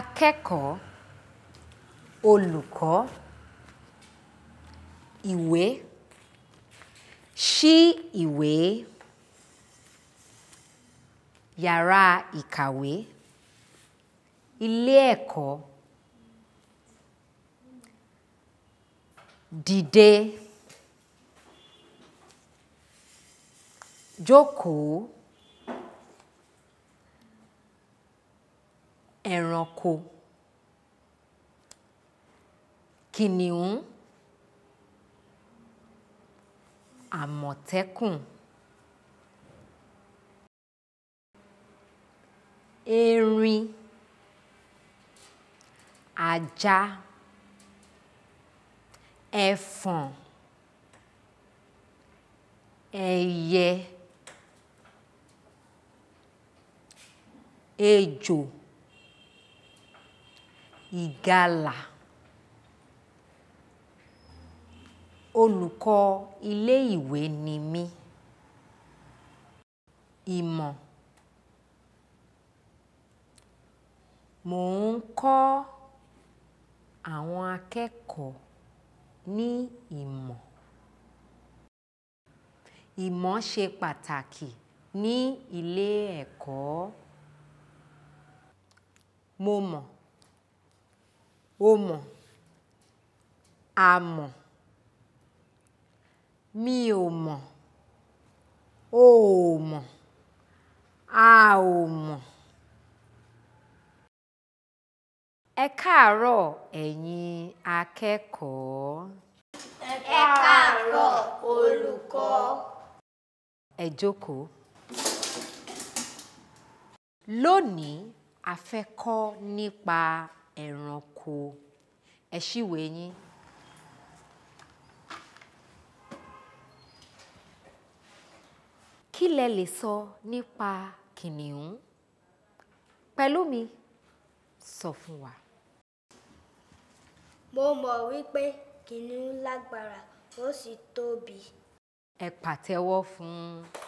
akẹ́kọ̀ọ́ olùkọ́ ìwé ṣí ìwé yàrá ìkàwé ilé ẹ̀kọ́ dìde jókòó. ẹranko kìnìún àmọ̀tẹ́kùn erin ajá ẹfọ̀n ẹyẹ ejò. Ìgalà olùkọ́ ilé ìwé ni mí ìmọ̀ mò ń kọ́ àwọn akẹ́kọ̀ọ́ ní ìmọ̀ ìmọ̀ ṣe pàtàkì ní ilé ẹ̀kọ́ mo mọ̀ Omo, amo, mi ò mọ̀, o ò mọ̀, a ò mọ̀. Ẹ káàárọ̀ ẹ̀yin akẹ́kọ̀ọ́. Ẹ káàárọ̀ olùkọ́. Ẹ jókòó. Lónìí, a fẹ́ kọ́ nípa ẹranko ẹ ṣíwèé yín. kí lẹ lè sọ nípa kìnìún Pẹ̀lúmi sọ fún wa. mo mọ̀ wípé kìnìún lágbára ó sì tóbi. ẹ pàtẹ́wọ́ fún un.